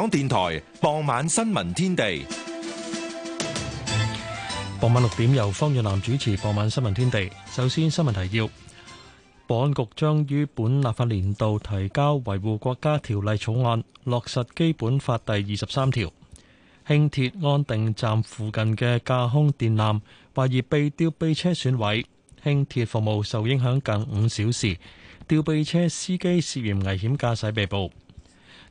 香港電台傍晚新聞天地，傍晚六點由方俊南主持。傍晚新聞天地，首先新聞提要：保安局將於本立法年度提交維護國家條例草案，落實基本法第二十三條。輕鐵安定站附近嘅架空電纜懷疑被吊臂車損毀，輕鐵服務受影響近五小時。吊臂車司機涉嫌危險駕駛被捕。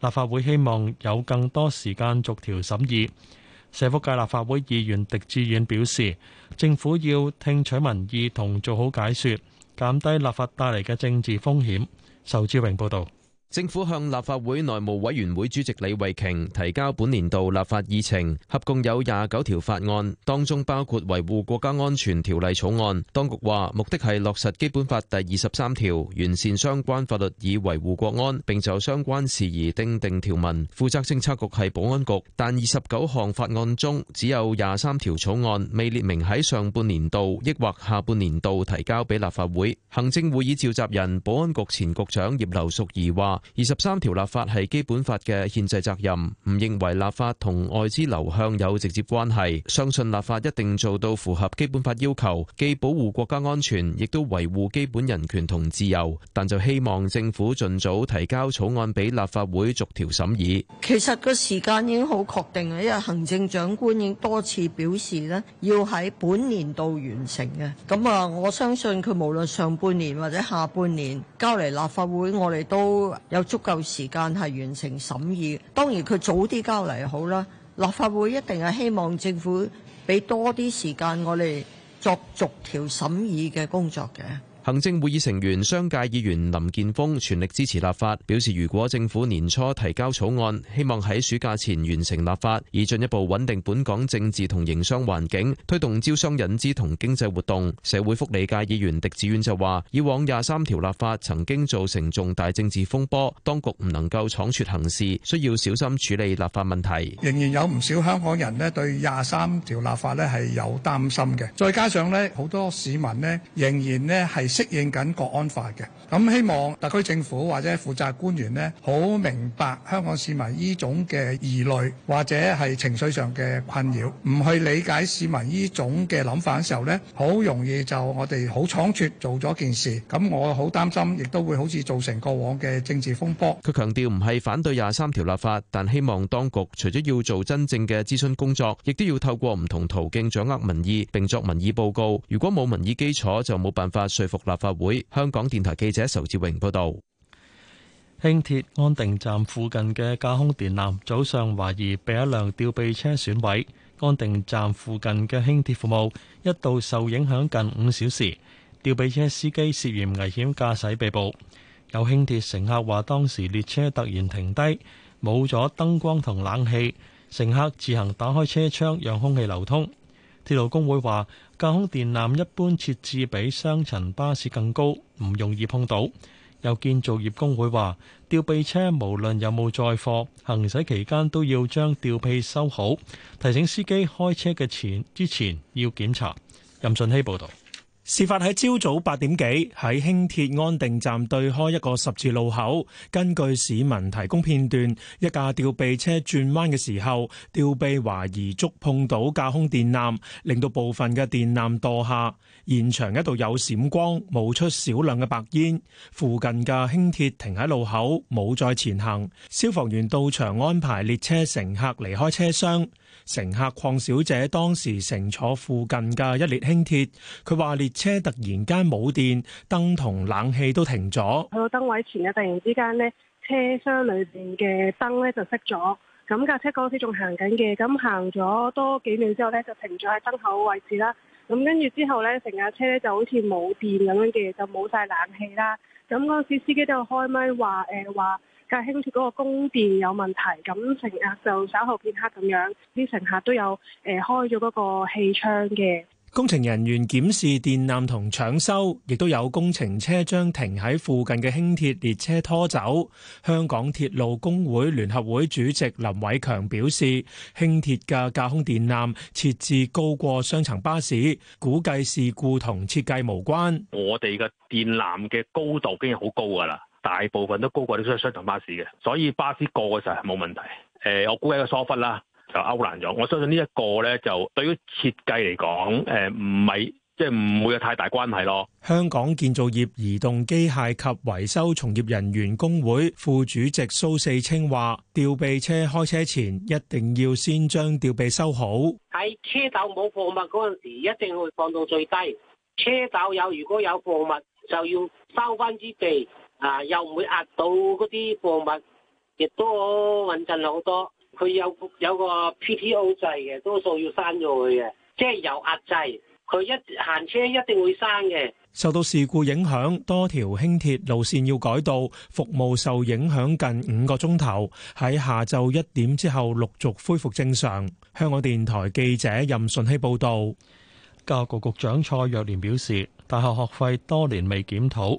立法會希望有更多時間逐條審議。社福界立法會議員狄志遠表示，政府要聽取民意同做好解說，減低立法帶嚟嘅政治風險。仇志榮報導。政府向立法會內務委員會主席李慧瓊提交本年度立法議程，合共有廿九條法案，當中包括維護國家安全條例草案。當局話目的係落實基本法第二十三條，完善相關法律以維護國安，並就相關事宜訂定條文。負責政策局係保安局，但二十九項法案中只有廿三條草案未列明喺上半年度抑或下半年度提交俾立法會。行政會議召集人保安局前局長葉劉淑儀話。二十三條立法係基本法嘅憲制責任，唔認為立法同外資流向有直接關係，相信立法一定做到符合基本法要求，既保護國家安全，亦都維護基本人權同自由。但就希望政府盡早提交草案俾立法會逐條審議。其實個時間已經好確定啦，因為行政長官已經多次表示呢要喺本年度完成嘅。咁啊，我相信佢無論上半年或者下半年交嚟立法會，我哋都，有足夠時間係完成審議，當然佢早啲交嚟好啦。立法會一定係希望政府俾多啲時間我哋作逐條審議嘅工作嘅。行政會議成員、商界議員林健鋒全力支持立法，表示如果政府年初提交草案，希望喺暑假前完成立法，以進一步穩定本港政治同營商環境，推動招商引資同經濟活動。社會福利界議員狄志遠就話，以往廿三條立法曾經造成重大政治風波，當局唔能夠倉卒行事，需要小心處理立法問題。仍然有唔少香港人呢對廿三條立法呢係有擔心嘅，再加上呢好多市民呢仍然呢係適應緊國安法嘅，咁希望特區政府或者負責官員呢，好明白香港市民依種嘅疑慮或者係情緒上嘅困擾，唔去理解市民依種嘅諗法嘅時候呢，好容易就我哋好倉促做咗一件事，咁我好擔心，亦都會好似造成過往嘅政治風波。佢強調唔係反對廿三條立法，但希望當局除咗要做真正嘅諮詢工作，亦都要透過唔同途徑掌握民意，並作民意報告。如果冇民意基礎，就冇辦法說服。立法會香港電台記者仇志榮報道：輕鐵安定站附近嘅架空電纜早上懷疑被一輛吊臂車損毀，安定站附近嘅輕鐵服務一度受影響近五小時。吊臂車司機涉嫌危險駕駛被捕。有輕鐵乘客話，當時列車突然停低，冇咗燈光同冷氣，乘客自行打開車窗讓空氣流通。鐵路工會話：架空電纜一般設置比雙層巴士更高，唔容易碰到。又建造業工會話：吊臂車無論有冇載貨，行駛期間都要將吊臂收好，提醒司機開車嘅前之前要檢查。任信希報導。事發喺朝早八點幾，喺輕鐵安定站對開一個十字路口。根據市民提供片段，一架吊臂車轉彎嘅時候，吊臂懷疑觸碰到架空電纜，令到部分嘅電纜墮下。現場一度有閃光，冒出少量嘅白煙。附近嘅輕鐵停喺路口，冇再前行。消防員到場安排列車乘客離開車廂。乘客鄺小姐當時乘坐附近嘅一列輕鐵，佢話列車突然間冇電，燈同冷氣都停咗。去到燈位前咧，突然之間呢，車廂裏邊嘅燈咧就熄咗。咁架車嗰時仲行緊嘅，咁行咗多幾秒之後咧就停咗喺燈口位置啦。咁跟住之後咧，成架車咧就好似冇電咁樣嘅，就冇晒冷氣啦。咁嗰時司機都有開咪話，誒、呃、話。架輕鐵嗰個供電有問題，咁乘客就稍後片刻咁樣，啲乘客都有誒開咗嗰個氣窗嘅。工程人員檢視電纜同搶修，亦都有工程車將停喺附近嘅輕鐵列車拖走。香港鐵路工會聯合會主席林偉強表示，輕鐵嘅架空電纜設置高過雙層巴士，估計事故同設計無關。我哋嘅電纜嘅高度經已好高㗎啦。大部分都高過啲雙層巴士嘅，所以巴士過嘅時候冇問題。誒，我估計個疏忽啦，就勾爛咗。我相信呢一個咧，就對於設計嚟講，誒唔係即係唔會有太大關係咯。香港建造業移動機械及維修從業人員工會副主席蘇四清話：吊臂車開車前一定要先將吊臂收好。喺車斗冇貨物嗰陣時，一定會放到最低。車斗有如果有貨物，就要收翻支臂。啊！又唔會壓到嗰啲貨物，亦都穩陣好多。佢有有個 PTO 掣嘅，多數要閂咗佢嘅，即係有壓掣。佢一行車一定會閂嘅。受到事故影響，多條輕鐵路線要改道，服務受影響近五個鐘頭。喺下晝一點之後，陸續恢復正常。香港電台記者任順希報導。教育局局長蔡若蓮表示，大學學費多年未檢討。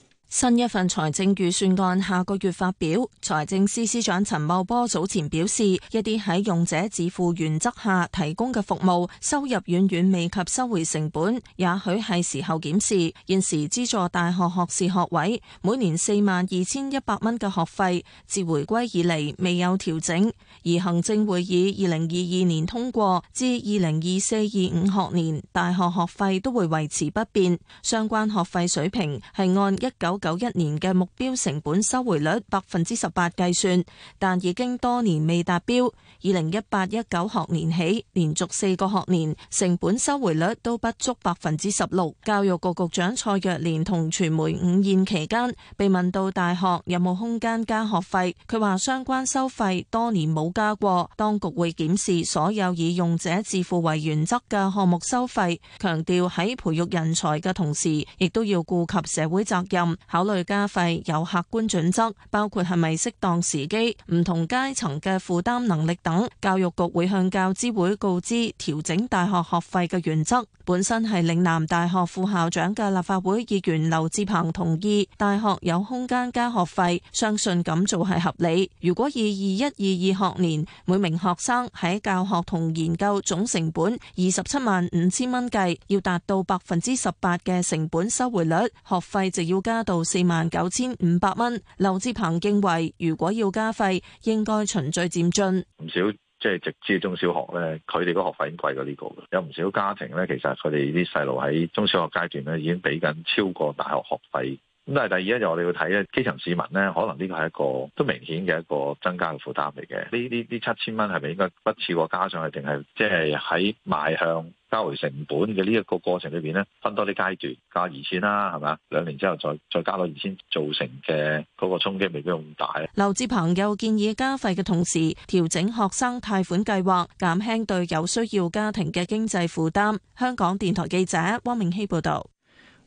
新一份財政預算案下個月發表，財政司司長陳茂波早前表示，一啲喺用者自付原則下提供嘅服務，收入遠遠未及收回成本，也許係時候檢視。現時資助大學學士學位，每年四萬二千一百蚊嘅學費，自回歸以嚟未有調整。而行政會議二零二二年通過，至二零二四二五學年，大學學費都會維持不變。相關學費水平係按一九九一年嘅目標成本收回率百分之十八計算，但已經多年未達標。二零一八一九學年起，連續四個學年成本收回率都不足百分之十六。教育局局長蔡若蓮同傳媒午宴期間被問到大學有冇空間加學費，佢話相關收費多年冇加過，當局會檢視所有以用者自付為原則嘅項目收費，強調喺培育人才嘅同時，亦都要顧及社會責任。考慮加費有客觀準則，包括係咪適當時機、唔同階層嘅負擔能力等。教育局會向教資會告知調整大學學費嘅原則。本身係嶺南大學副校長嘅立法會議員劉志鵬同意大學有空間加學費，相信咁做係合理。如果以二一二二學年每名學生喺教學同研究總成本二十七萬五千蚊計，要達到百分之十八嘅成本收回率，學費就要加到四萬九千五百蚊。劉志鵬認為，如果要加費，應該循序漸進。唔少即係、就是、直資中小學咧，佢哋個學費已經貴過呢個嘅。有唔少家庭咧，其實佢哋啲細路喺中小學階段咧，已經俾緊超過大學學費。咁但係第二咧，就是、我哋要睇咧，基層市民咧，可能呢個係一個都明顯嘅一個增加嘅負擔嚟嘅。呢呢呢七千蚊係咪應該不似過加上去，定係即係喺買向？交回成本嘅呢一個過程裏邊咧，分多啲階段加二千啦，係嘛？兩年之後再再加多二千，造成嘅嗰個衝擊未必咁大。劉志鵬又建議加費嘅同時調整學生貸款計劃，減輕對有需要家庭嘅經濟負擔。香港電台記者汪明希報導。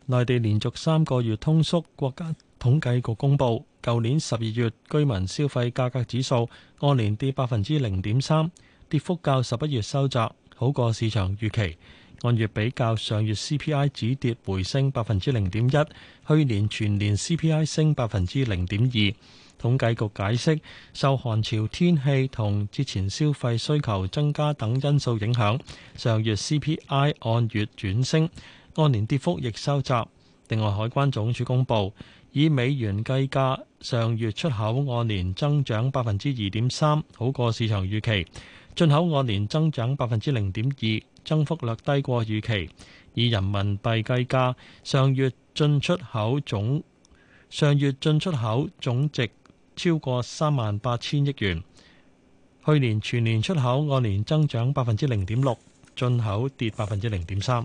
內地連續三個月通縮，國家統計局公佈，舊年十二月居民消費價格指數按年跌百分之零點三，跌幅較十一月收窄。好過市場預期，按月比較，上月 CPI 止跌回升百分之零點一，去年全年 CPI 升百分之零點二。統計局解釋，受寒潮天氣同節前消費需求增加等因素影響，上月 CPI 按月轉升，按年跌幅亦收窄。另外，海關總署公佈，以美元計價，上月出口按年增長百分之二點三，好過市場預期。進口按年增長百分之零點二，增幅略低過預期。以人民幣計價，上月進出口總上月進出口總值超過三萬八千億元。去年全年出口按年增長百分之零點六，進口跌百分之零點三。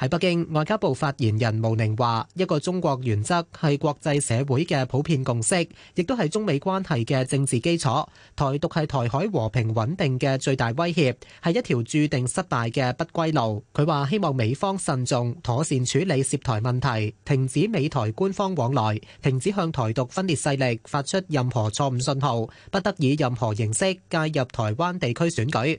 喺北京，外交部發言人毛寧話，一個中國原則係國際社會嘅普遍共識，亦都係中美關係嘅政治基礎。台獨係台海和平穩定嘅最大威脅，係一條注定失敗嘅不歸路。佢話希望美方慎重妥善處理涉台問題，停止美台官方往來，停止向台獨分裂勢力發出任何錯誤信號，不得以任何形式介入台灣地區選舉。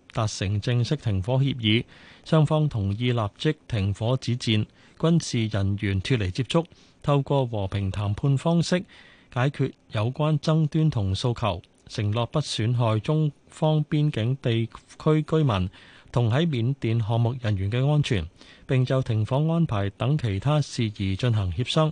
達成正式停火協議，雙方同意立即停火止戰，軍事人員脫離接觸，透過和平談判方式解決有關爭端同訴求，承諾不損害中方邊境地區居民同喺緬甸項目人員嘅安全，並就停火安排等其他事宜進行協商。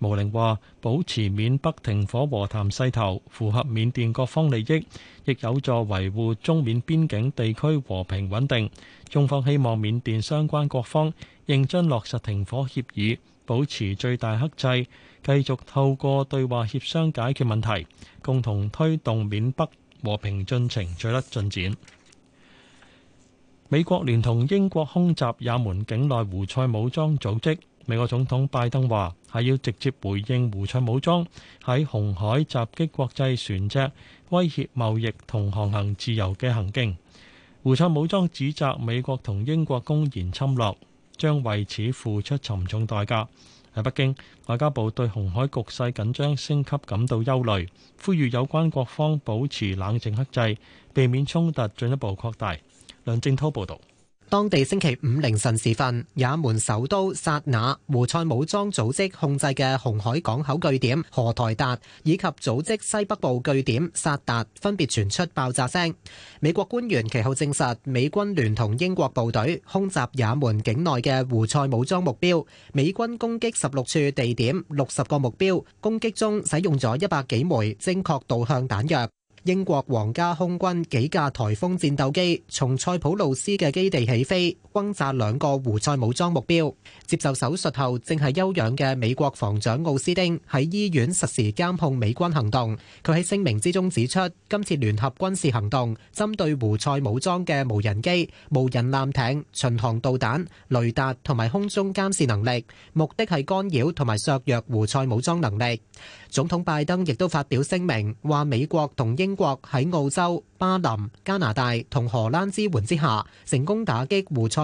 毛寧話：保持緬北停火和談勢頭，符合緬甸各方利益，亦有助維護中緬邊境地區和平穩定。中方希望緬甸相關各方認真落實停火協議，保持最大克制，繼續透過對話協商解決問題，共同推動緬北和平進程取得進展。美國連同英國空襲也門境內胡塞武裝組織。美國總統拜登話：係要直接回應胡塞武裝喺紅海襲擊國際船隻，威脅貿易同航行自由嘅行徑。胡塞武裝指責美國同英國公然侵略，將為此付出沉重代價。喺北京，外交部對紅海局勢緊張升級感到憂慮，呼籲有關各方保持冷靜克制，避免衝突進一步擴大。梁正滔報導。當地星期五凌晨時分，也門首都薩那、胡塞武裝組織控制嘅紅海港口據點荷台達以及組織西北部據點薩達分別傳出爆炸聲。美國官員其後證實，美軍聯同英國部隊空襲也門境內嘅胡塞武裝目標，美軍攻擊十六處地點、六十個目標，攻擊中使用咗一百幾枚精確導向彈藥。英國皇家空軍幾架颱風戰鬥機從塞浦路斯嘅基地起飛。轟炸兩個胡塞武裝目標，接受手術後正係休養嘅美國防長奧斯汀喺醫院實時監控美軍行動。佢喺聲明之中指出，今次聯合軍事行動針對胡塞武裝嘅無人機、無人艦艇、巡航導彈、雷達同埋空中監視能力，目的係干擾同埋削弱胡塞武裝能力。總統拜登亦都發表聲明，話美國同英國喺澳洲、巴林、加拿大同荷蘭支援之下，成功打擊胡塞。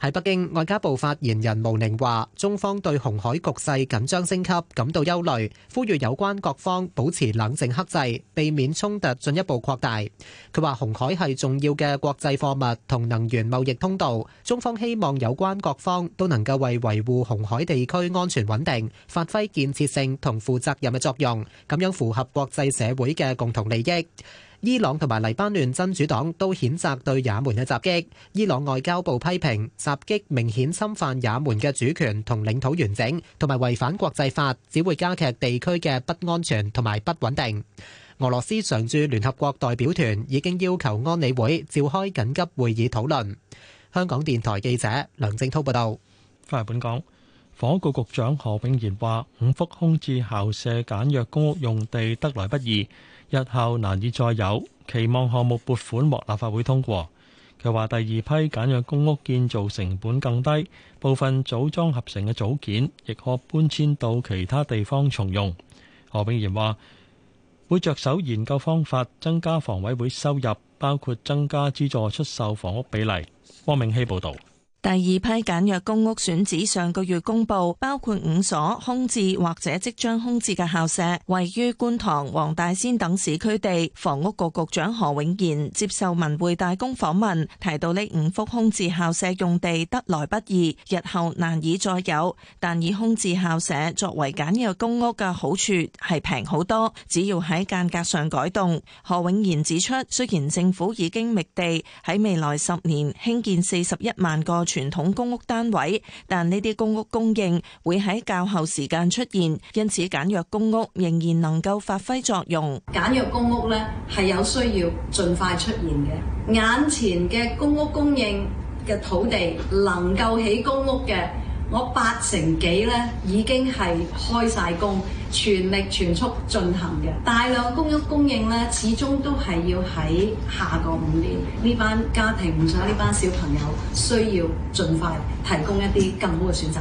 喺北京，外交部發言人毛寧話：中方對紅海局勢緊張升級感到憂慮，呼籲有關各方保持冷靜克制，避免衝突進一步擴大。佢話：紅海係重要嘅國際貨物同能源貿易通道，中方希望有關各方都能夠為維護紅海地區安全穩定，發揮建設性同負責任嘅作用，咁樣符合國際社會嘅共同利益。伊朗同埋黎巴嫩真主黨都譴責對也門嘅襲擊。伊朗外交部批評襲擊明顯侵犯也門嘅主權同領土完整，同埋違反國際法，只會加劇地區嘅不安全同埋不穩定。俄羅斯常駐聯合國代表團已經要求安理會召開緊急會議討論。香港電台記者梁正濤報道。翻嚟本港，房屋局局長何永賢話：五幅空置校舍簡約公屋用地得來不易。日後難以再有，期望項目撥款獲立法會通過，佢話第二批簡約公屋建造成本更低，部分組裝合成嘅組件亦可搬遷到其他地方重用。何永賢話會着手研究方法增加房委會收入，包括增加資助出售房屋比例。汪明希報道。第二批簡約公屋選址上個月公布，包括五所空置或者即將空置嘅校舍，位於觀塘、黃大仙等市區地。房屋局局長何永賢接受文匯大公訪問，提到呢五幅空置校舍用地得來不易，日後難以再有。但以空置校舍作為簡約公屋嘅好處係平好多，只要喺間隔上改動。何永賢指出，雖然政府已經覓地喺未來十年興建四十一萬個。傳統公屋單位，但呢啲公屋供應會喺較後時間出現，因此簡約公屋仍然能夠發揮作用。簡約公屋呢係有需要盡快出現嘅，眼前嘅公屋供應嘅土地能夠起公屋嘅。我八成幾咧已經係開晒工，全力全速進行嘅大量公屋供應咧，始終都係要喺下個五年呢班家庭想，或者呢班小朋友需要盡快提供一啲更好嘅選擇。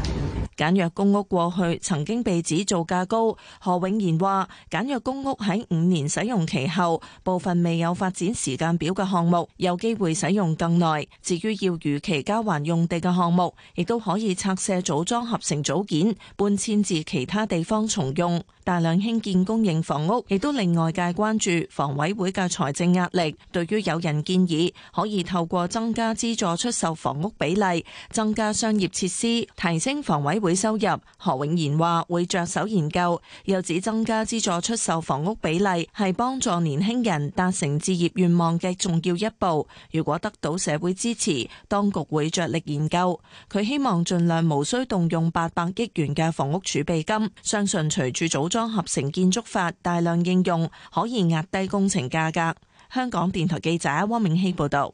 簡約公屋過去曾經被指造價高，何永賢話簡約公屋喺五年使用期後，部分未有發展時間表嘅項目有機會使用更耐。至於要如期交還用地嘅項目，亦都可以拆卸組裝合成組件，搬遷至其他地方重用。大量興建公營房屋，亦都令外界關注房委會嘅財政壓力。對於有人建議可以透過增加資助出售房屋比例、增加商業設施、提升房委，會收入，何永賢話會着手研究，又指增加資助出售房屋比例係幫助年輕人達成置業願望嘅重要一步。如果得到社會支持，當局會着力研究。佢希望盡量無需動用八百億元嘅房屋儲備金，相信隨住組裝合成建築法大量應用，可以壓低工程價格。香港電台記者汪明熙報道。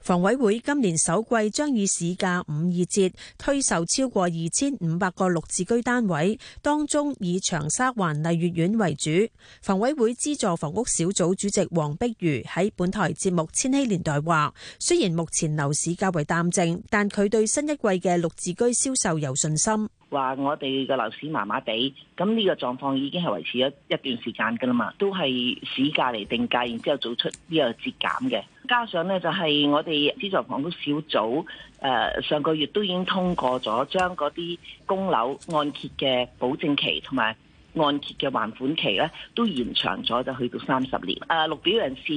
房委會今年首季將以市價五二折推售超過二千五百個綠置居單位，當中以長沙灣麗玥苑為主。房委會資助房屋小組主席黃碧如喺本台節目《千禧年代》話：雖然目前樓市較為淡靜，但佢對新一季嘅綠置居銷售有信心。話我哋嘅樓市麻麻地，咁呢個狀況已經係維持咗一段時間噶啦嘛，都係市價嚟定價，然之後做出呢個折減嘅。加上咧就係我哋資助房屋小組，誒、呃、上個月都已經通過咗，將嗰啲供樓按揭嘅保證期同埋按揭嘅還款期咧，都延長咗，就去到三十年。誒、呃、綠表人士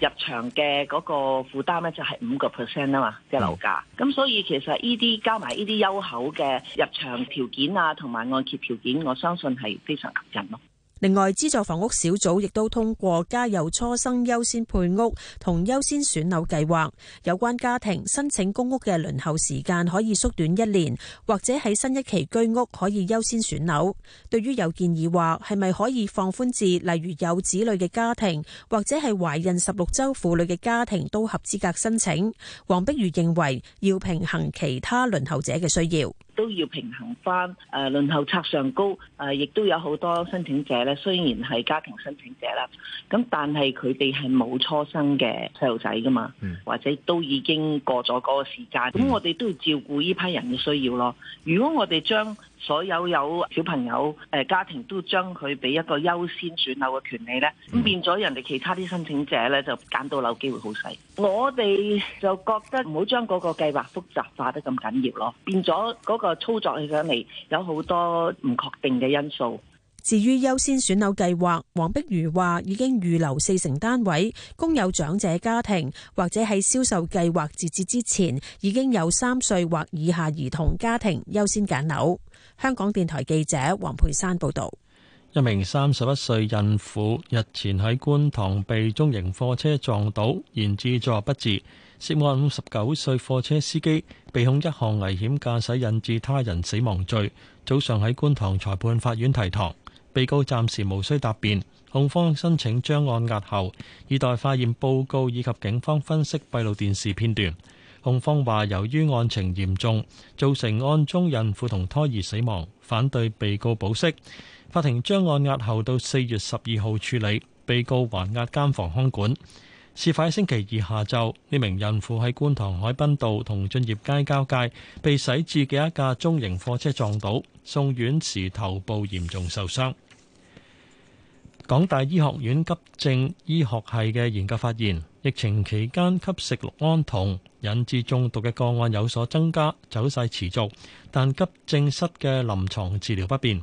入場嘅嗰個負擔咧，就係五個 percent 啊嘛，即係樓價。咁所以其實呢啲加埋呢啲優厚嘅入場條件啊，同埋按揭條件，我相信係非常吸引咯。另外，資助房屋小組亦都通過家有初生優先配屋同優先選樓計劃，有關家庭申請公屋嘅輪候時間可以縮短一年，或者喺新一期居屋可以優先選樓，對於有建議話，係咪可以放寬至例如有子女嘅家庭，或者係懷孕十六周婦女嘅家庭都合資格申請，黃碧如認為要平衡其他輪候者嘅需要。都要平衡翻，誒、呃、輪候冊上高，誒、呃、亦都有好多申請者咧。雖然係家庭申請者啦，咁但係佢哋係冇初生嘅細路仔噶嘛，或者都已經過咗嗰個時間，咁我哋都要照顧呢批人嘅需要咯。如果我哋將所有有小朋友誒家庭，都將佢俾一個優先選樓嘅權利呢，咁變咗人哋其他啲申請者呢，就揀到樓機會好細。我哋就覺得唔好將嗰個計劃複雜化得咁緊要咯，變咗嗰個操作起上嚟有好多唔確定嘅因素。至於優先選樓計劃，黃碧如話已經預留四成單位供有長者家庭或者喺銷售計劃截止之前已經有三歲或以下兒童家庭優先揀樓。香港電台記者黃培山報道：一名三十一歲孕婦日前喺觀塘被中型貨車撞倒，然治助不治。涉案五十九歲貨車司機被控一項危險駕駛引致他人死亡罪。早上喺觀塘裁判法院提堂，被告暫時無需答辯，控方申請將案押後，以待化驗報告以及警方分析閉路電視片段。控方話，由於案情嚴重，造成案中孕婦同胎兒死亡，反對被告保釋。法庭將案押後到四月十二號處理，被告還押監房看管。事發喺星期二下晝，呢名孕婦喺觀塘海濱道同駿業街交界被駛至嘅一架中型貨車撞倒，送院時頭部嚴重受傷。港大醫學院急症醫學系嘅研究發現。疫情期間吸食氯胺酮引致中毒嘅個案有所增加，走勢持續，但急症室嘅臨床治療不變。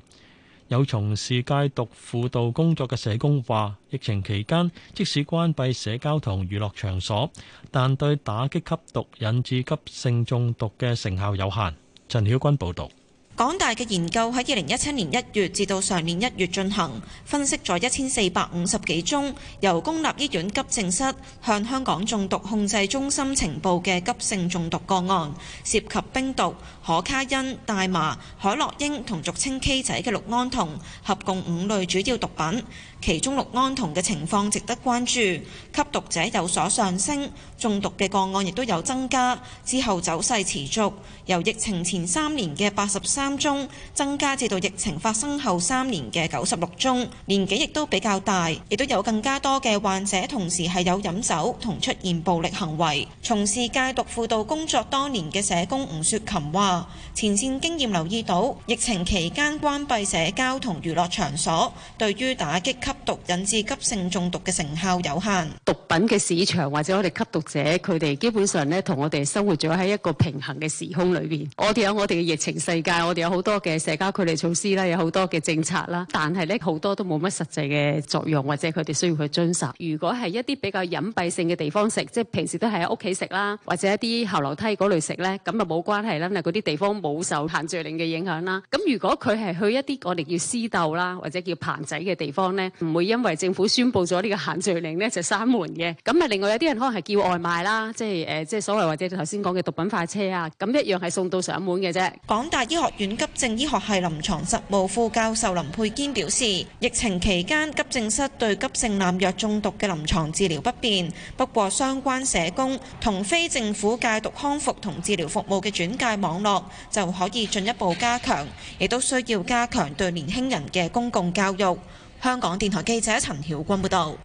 有從事戒毒輔導工作嘅社工話，疫情期間即使關閉社交同娛樂場所，但對打擊吸毒引致急性中毒嘅成效有限。陳曉君報導。港大嘅研究喺二零一七年一月至到上年一月進行，分析咗一千四百五十幾宗由公立醫院急症室向香港中毒控制中心呈報嘅急性中毒個案，涉及冰毒、可卡因、大麻、海洛因同俗稱 K 仔嘅氯胺酮，合共五類主要毒品。其中氯胺酮嘅情況值得關注，吸毒者有所上升，中毒嘅個案亦都有增加。之後走勢持續，由疫情前三年嘅八十三宗增加至到疫情發生後三年嘅九十六宗，年紀亦都比較大，亦都有更加多嘅患者同時係有飲酒同出現暴力行為。從事戒毒輔導工作多年嘅社工吳雪琴話，前線經驗留意到，疫情期間關閉社交同娛樂場所，對於打擊吸毒引致急性中毒嘅成效有限。毒品嘅市場或者我哋吸毒者，佢哋基本上呢同我哋生活咗喺一個平衡嘅時空裏面。我哋有我哋嘅疫情世界，我哋有好多嘅社交距離措施啦，有好多嘅政策啦。但係呢好多都冇乜實際嘅作用，或者佢哋需要去遵守。如果係一啲比較隱蔽性嘅地方食，即係平時都喺屋企食啦，或者一啲後樓梯嗰類食呢，咁啊冇關係啦，嗱嗰啲地方冇受限聚令嘅影響啦。咁如果佢係去一啲我哋叫私竇啦，或者叫棚仔嘅地方呢？唔會因為政府宣布咗呢個限聚令呢，就閂門嘅。咁啊，另外有啲人可能係叫外賣啦，即係誒，即係所謂或者頭先講嘅毒品快車啊，咁一樣係送到上門嘅啫。港大醫學院急症醫學系臨牀實務副教授林佩堅表示，疫情期間急症室對急性濫藥中毒嘅臨牀治療不變，不過相關社工同非政府戒毒康復同治療服務嘅轉介網絡就可以進一步加強，亦都需要加強對年輕人嘅公共教育。香港電台記者陳曉君報道。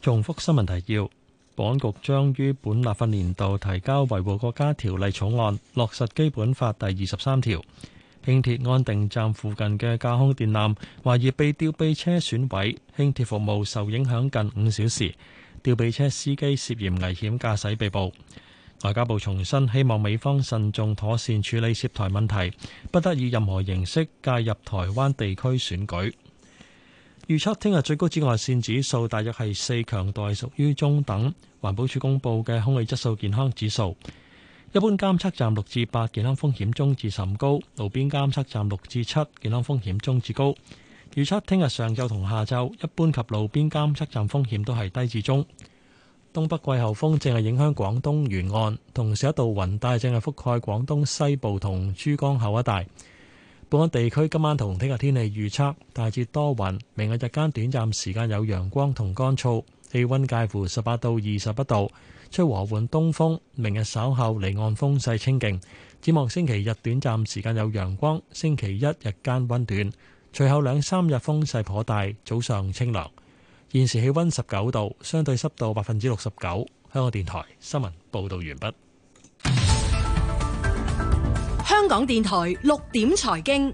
重複新聞提要，保安局將於本立法年度提交維護國家條例草案，落實基本法第二十三條。輕鐵安定站附近嘅架空電纜懷疑被吊臂車損毀，輕鐵服務受影響近五小時。吊臂車司機涉嫌危險駕駛被捕。外交部重申，希望美方慎重妥善處理涉台問題，不得以任何形式介入台灣地區選舉。預測聽日最高紫外線指數大約係四，強度屬於中等。環保署公布嘅空氣質素健康指數，一般監測站六至八，健康風險中至甚高；路邊監測站六至七，健康風險中至高。預測聽日上晝同下晝，一般及路邊監測站風險都係低至中。東北季候風正係影響廣東沿岸，同時一道雲帶正係覆蓋廣東西部同珠江口一帶。本港地區今晚同聽日天氣預測大致多雲，明日日間短暫時間有陽光同乾燥，氣溫介乎十八到二十一度，吹和緩東風。明日稍後離岸風勢清勁，展望星期日短暫時間有陽光，星期一日間溫暖。隨後兩三日風勢頗大，早上清涼。現時氣溫十九度，相對濕度百分之六十九。香港電台新聞報道完畢。香港電台六點財經，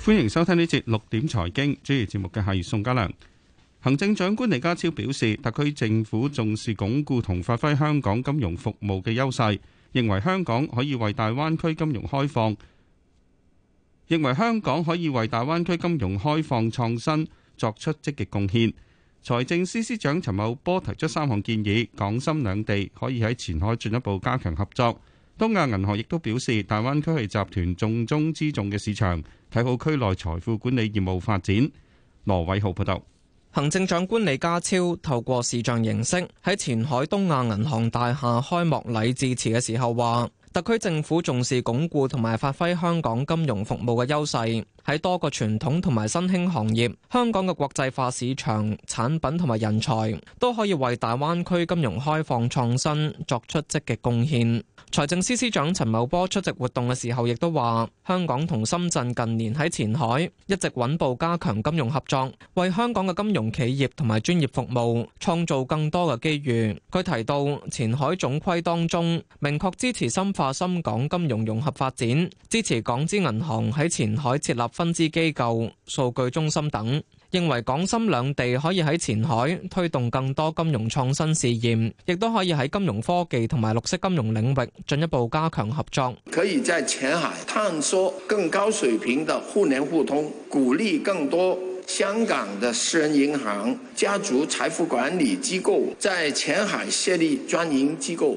歡迎收聽呢節六點財經。主持節目嘅係宋家良。行政長官李家超表示，特區政府重視鞏固同發揮香港金融服務嘅優勢，認為香港可以為大灣區金融開放，認為香港可以為大灣區金融開放創新作出積極貢獻。財政司司長陳茂波提出三項建議，港深兩地可以喺前海進一步加強合作。東亞銀行亦都表示，大灣區係集團重中之重嘅市場，睇好區內財富管理業務發展。羅偉浩報道。行政長官李家超透過視像形式喺前海東亞銀行大廈開幕禮致辭嘅時候話，特區政府重視鞏固同埋發揮香港金融服務嘅優勢。喺多個傳統同埋新興行業，香港嘅國際化市場、產品同埋人才都可以為大灣區金融開放創新作出積極貢獻。財政司司長陳茂波出席活動嘅時候亦都話：香港同深圳近年喺前海一直穩步加強金融合作，為香港嘅金融企業同埋專業服務創造更多嘅機遇。佢提到，前海總規當中，明確支持深化深港金融融合發展，支持港資銀行喺前海設立。分支機構、數據中心等，認為港深兩地可以喺前海推動更多金融創新試驗，亦都可以喺金融科技同埋綠色金融領域進一步加強合作。可以在前海探索更高水平的互聯互通，鼓勵更多香港的私人銀行、家族財富管理機構在前海設立專營機構。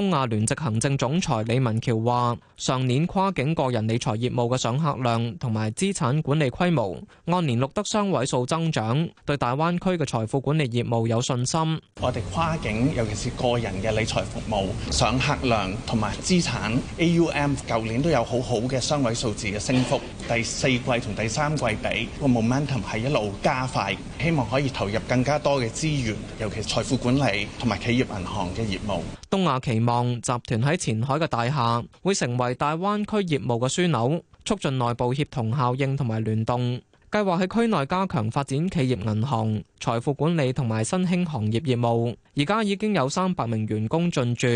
東亞聯席行政總裁李文橋話：上年跨境個人理財業務嘅上客量同埋資產管理規模，按年錄得雙位數增長，對大灣區嘅財富管理業務有信心。我哋跨境，尤其是個人嘅理財服務，上客量同埋資產 AUM，舊年都有好好嘅雙位數字嘅升幅。第四季同第三季比，個 momentum 係一路加快，希望可以投入更加多嘅資源，尤其財富管理同埋企業銀行嘅業務。東亞期望集團喺前海嘅大廈會成為大灣區業務嘅樞紐，促進內部協同效應同埋聯動。計劃喺區內加強發展企業銀行、財富管理同埋新興行業業務。而家已經有三百名員工進駐。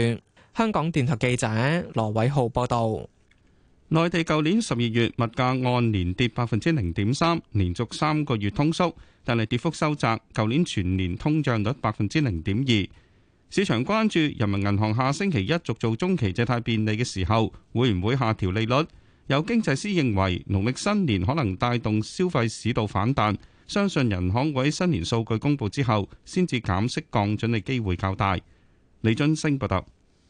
香港電台記者羅偉浩報道。內地舊年十二月物價按年跌百分之零點三，連續三個月通縮，但係跌幅收窄。舊年全年通脹率百分之零點二。市場關注人民銀行下星期一續做中期借貸便利嘅時候，會唔會下調利率？有經濟師認為，農曆新年可能帶動消費市道反彈，相信人行會喺新年數據公布之後，先至減息降準嘅機會較大。李津升報道。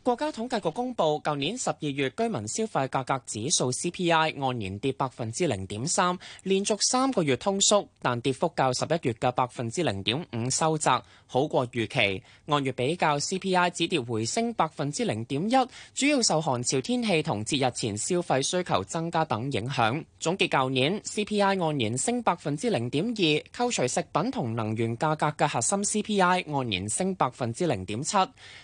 國家統計局公布，舊年十二月居民消費價格指數 CPI 按年跌百分之零點三，連續三個月通縮，但跌幅較十一月嘅百分之零點五收窄，好過預期。按月比較，CPI 止跌回升百分之零點一，主要受寒潮天氣同節日前消費需求增加等影響。總結舊年 CPI 按年升百分之零點二，扣除食品同能源價格嘅核心 CPI 按年升百分之零點七。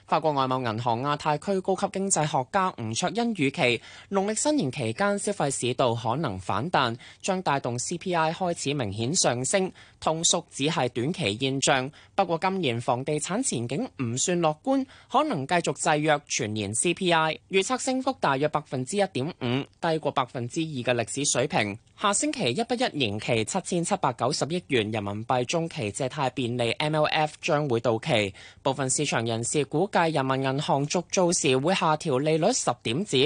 法國外貿銀行亞太大區高級經濟學家吳卓恩預期，農曆新年期間消費市道可能反彈，將帶動 CPI 開始明顯上升，通縮只係短期現象。不過今年房地產前景唔算樂觀，可能繼續制約全年 CPI，預測升幅大約百分之一點五，低過百分之二嘅歷史水平。下星期一不一年期七千七百九十億元人民幣中期借貸便利 MLF 將會到期，部分市場人士估計人民銀行續做時會下調利率十點子，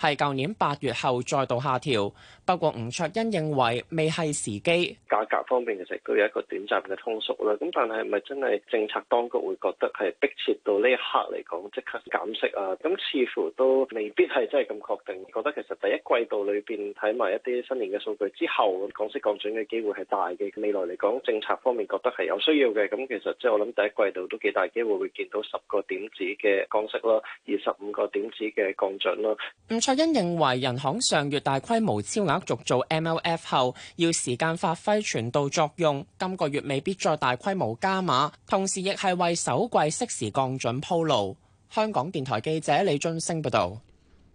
係舊年八月後再度下調。不過，吳卓恩認為未係時機。價格方面其實都有一個短暫嘅通縮啦，咁但係咪真係政策當局會覺得係迫切到呢一刻嚟講即刻減息啊？咁似乎都未必係真係咁確定。覺得其實第一季度裏邊睇埋一啲新年嘅數據之後，降息降準嘅機會係大嘅。未來嚟講，政策方面覺得係有需要嘅，咁其實即係我諗第一季度都幾大機會會見到十個點子嘅降息啦，二十五個點子嘅降準啦。吳卓恩認為人行上月大規模超額續做 MLF 後，要時間發揮傳導作用。今個月未必再大規模加碼，同時亦係為首季適時降準鋪路。香港電台記者李俊升報道。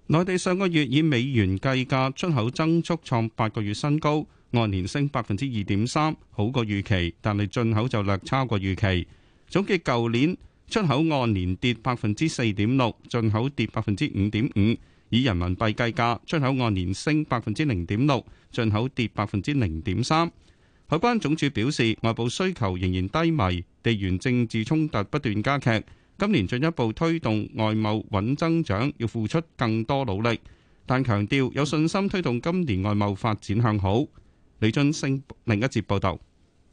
內地上個月以美元計價出口增速創八個月新高，按年升百分之二點三，好過預期，但係進口就略差過預期。總結，舊年出口按年跌百分之四點六，進口跌百分之五點五。以人民幣計價，出口按年升百分之零點六，進口跌百分之零點三。海關總署表示，外部需求仍然低迷，地緣政治衝突不斷加劇，今年進一步推動外貿穩增長，要付出更多努力，但強調有信心推動今年外貿發展向好。李俊升另一節報導。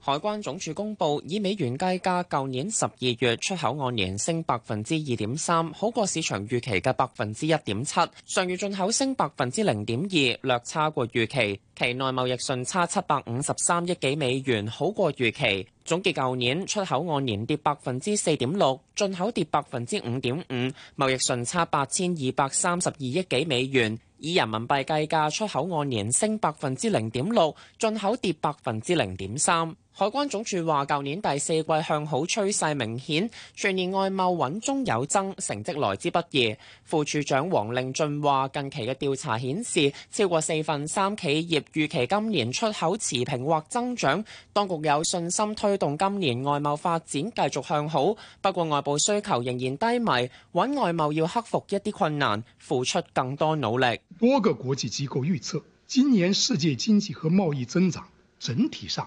海關總署公布，以美元計價，舊年十二月出口按年升百分之二點三，好過市場預期嘅百分之一點七。上月進口升百分之零點二，略差過預期。期內貿易順差七百五十三億幾美元，好過預期。總結舊年出口按年跌百分之四點六，進口跌百分之五點五，貿易順差八千二百三十二億幾美元。以人民幣計價，出口按年升百分之零點六，進口跌百分之零點三。海關總署話，舊年第四季向好趨勢明顯，全年外貿穩中有增，成績來之不易。副署長王令浚話，近期嘅調查顯示，超過四分三企業預期今年出口持平或增長，當局有信心推動今年外貿發展繼續向好。不過，外部需求仍然低迷，穩外貿要克服一啲困難，付出更多努力。多個國際機構預測，今年世界經濟和貿易增長整體上。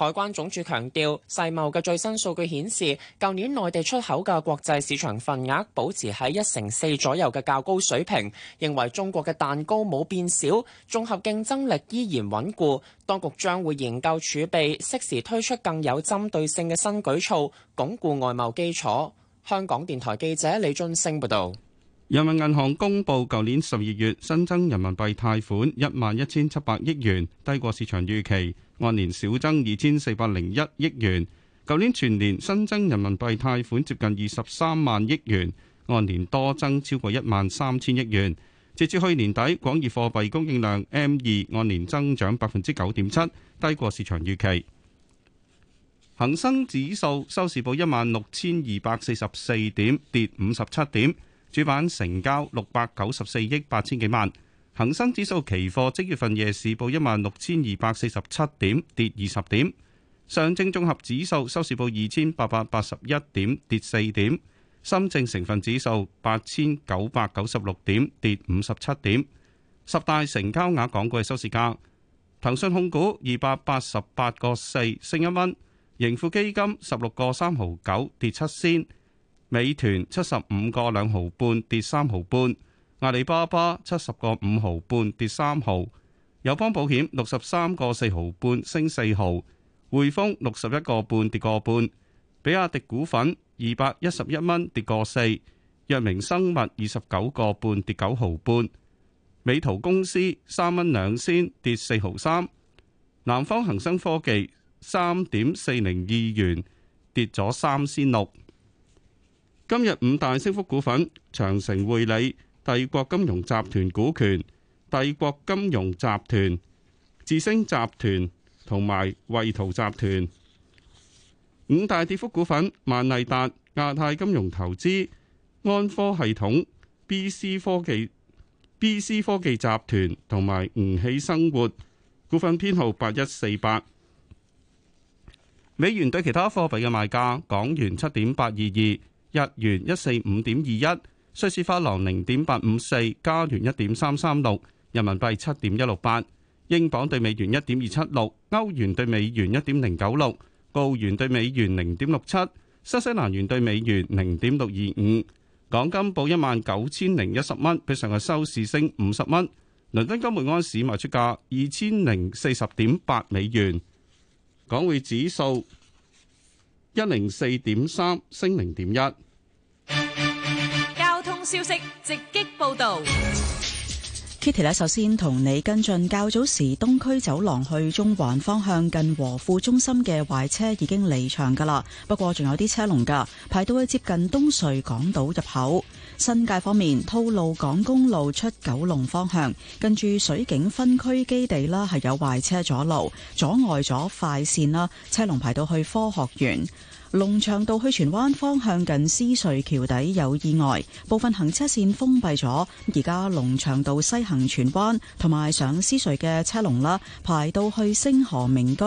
海關總署強調，世貿嘅最新數據顯示，舊年內地出口嘅國際市場份額保持喺一成四左右嘅較高水平，認為中國嘅蛋糕冇變小，綜合競爭力依然穩固。當局將會研究儲備，適時推出更有針對性嘅新舉措，鞏固外貿基礎。香港電台記者李津升報道。人民銀行公布舊年十二月新增人民幣貸款一萬一千七百億元，低過市場預期。按年少增二千四百零一億元，舊年全年新增人民幣貸款接近二十三萬億元，按年多增超過一萬三千億元。截至去年底，廣義貨幣供應量 M 二按年增長百分之九點七，低過市場預期。恒生指數收市報一萬六千二百四十四點，跌五十七點，主板成交六百九十四億八千幾萬。恒生指數期貨即月份夜市報一萬六千二百四十七點，跌二十點。上證綜合指數收市報二千八百八十一點，跌四點。深證成分指數八千九百九十六點，跌五十七點。十大成交額港股嘅收市價：騰訊控股二百八十八個四升一蚊，盈富基金十六個三毫九跌七仙，美團七十五個兩毫半跌三毫半。阿里巴巴七十個五毫半跌三毫，友邦保險六十三個四毫半升四毫，匯豐六十一個半跌個半，比亞迪股份二百一十一蚊跌個四，藥明生物二十九個半跌九毫半，美圖公司三蚊兩仙跌四毫三，南方恒生科技三點四零二元跌咗三仙六。今日五大升幅股份：長城匯理。帝國金融集團股權、帝國金融集團、智升集團同埋惠圖集團。五大跌幅股份：萬麗達、亞太金融投資、安科系統、BC 科技、BC 科技集團同埋吳起生活股份編號八一四八。美元對其他貨幣嘅賣價：港元七點八二二，日元一四五點二一。瑞士法郎零點八五四，加元一點三三六，人民幣七點一六八，英鎊兌美元一點二七六，歐元兌美元一點零九六，澳元兌美元零點六七，新西蘭元兌美元零點六二五。港金報一萬九千零一十蚊，比上日收市升五十蚊。倫敦金每盎司賣出價二千零四十點八美元。港匯指數一零四點三，升零點一。消息直擊報道，Kitty 咧首先同你跟進較早時東區走廊去中環方向近和富中心嘅壞車已經離場噶啦，不過仲有啲車龍噶，排到去接近東隧港島入口。新界方面，吐露港公路出九龍方向，跟住水警分區基地啦係有壞車阻路，阻礙咗快線啦，車龍排到去科學園。龍翔道去荃灣方向近獅隧橋底有意外，部分行車線封閉咗。而家龍翔道西行荃灣同埋上獅隧嘅車龍啦，排到去星河名居；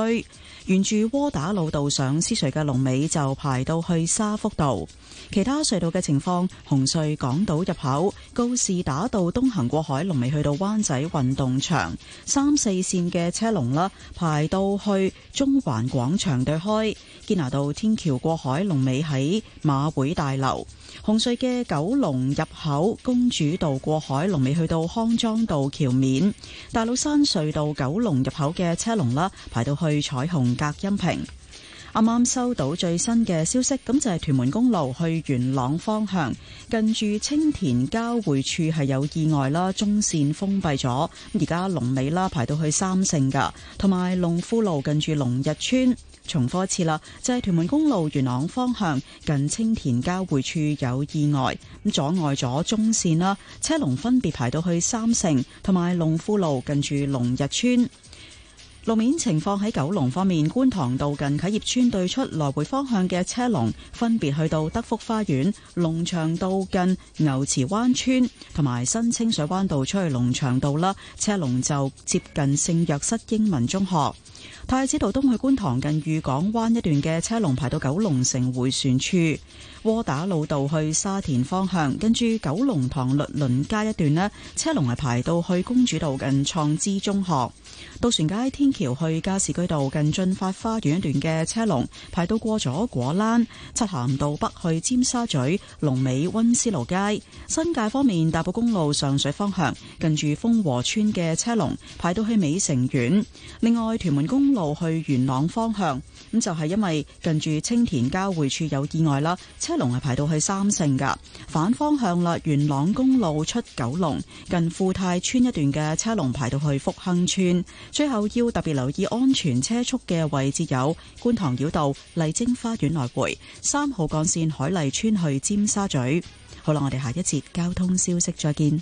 沿住窩打老道上獅隧嘅龍尾就排到去沙福道。其他隧道嘅情況，紅隧港島入口、告士打道東行過海龍尾去到灣仔運動場，三四綫嘅車龍啦，排到去中環廣場對開堅拿道天橋。過海龍尾喺馬會大樓，紅隧嘅九龍入口公主道過海龍尾去到康莊道橋面，大老山隧道九龍入口嘅車龍啦，排到去彩虹隔音屏。啱啱收到最新嘅消息，咁就係屯門公路去元朗方向，近住青田交匯處係有意外啦，中線封閉咗。而家龍尾啦，排到去三聖噶，同埋龍富路近住龍日村。重複一次啦，就係、是、屯門公路元朗方向近青田交匯處有意外，咁阻礙咗中線啦，車龍分別排到去三成同埋龍富路近住龍日村。路面情況喺九龍方面，觀塘道近啟業邨對出來回方向嘅車龍，分別去到德福花園、龍翔道近牛池灣村同埋新清水灣道出去龍翔道啦。車龍就接近聖約瑟英文中學。太子道東去觀塘近裕港灣一段嘅車龍排到九龍城迴旋處。窩打老道去沙田方向，跟住九龍塘律倫街一段咧，車龍係排到去公主道近創資中學。渡船街天橋去加士居道近駿發花園一段嘅車龍排到過咗果欄，漆咸道北去尖沙咀龍尾溫思勞街。新界方面，大埔公路上水方向近住豐和村嘅車龍排到去美城苑。另外，屯門公路去元朗方向。咁就係因為近住青田交匯處有意外啦，車龍係排到去三聖噶反方向啦，元朗公路出九龍近富泰村一段嘅車龍排到去福亨村，最後要特別留意安全車速嘅位置有觀塘繞道、麗晶花園來回、三號幹線海麗村去尖沙咀。好啦，我哋下一節交通消息，再見。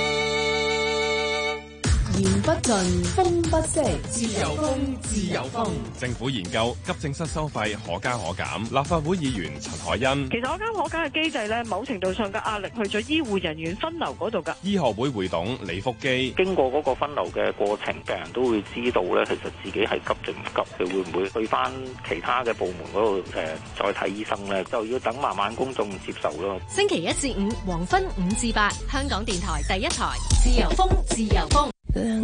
言不盡，風不息，自由風，自由風。政府研究急症室收費可加可減。立法會議員陳海欣其實可加可減嘅機制咧，某程度上嘅壓力去咗醫護人員分流嗰度噶。醫學會會董李福基經過嗰個分流嘅過程，病人都會知道咧，其實自己係急症唔急，佢會唔會去返其他嘅部門嗰度誒再睇醫生咧？就要等慢慢公眾接受咯。星期一至五黃昏五至八，香港電台第一台，自由風，自由風。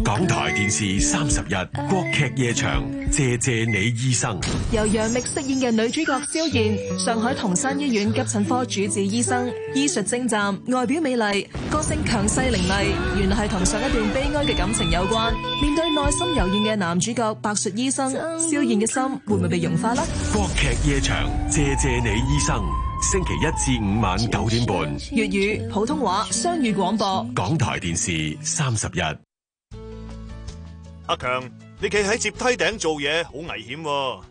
港台電視三十日，國劇夜場，謝謝你醫生。由楊冪飾演嘅女主角蕭燕，上海同山醫院急診科主治醫生，醫術精湛，外表美麗，歌聲強勢凌厲，原來係同上一段悲哀嘅感情有關。面對內心柔軟嘅男主角白術醫生，蕭燕嘅心會唔會被融化呢？國劇夜場，謝謝你醫生。星期一至五晚九點半，粵語、普通話雙語廣播。港台電視三十日。阿強，你企喺接梯頂做嘢好危險、啊，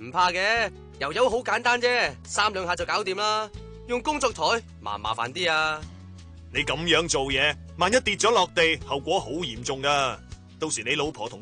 唔怕嘅，油油好簡單啫，三兩下就搞掂啦。用工作台麻唔麻煩啲啊，你咁樣做嘢，萬一跌咗落地，後果好嚴重噶、啊。到時你老婆同。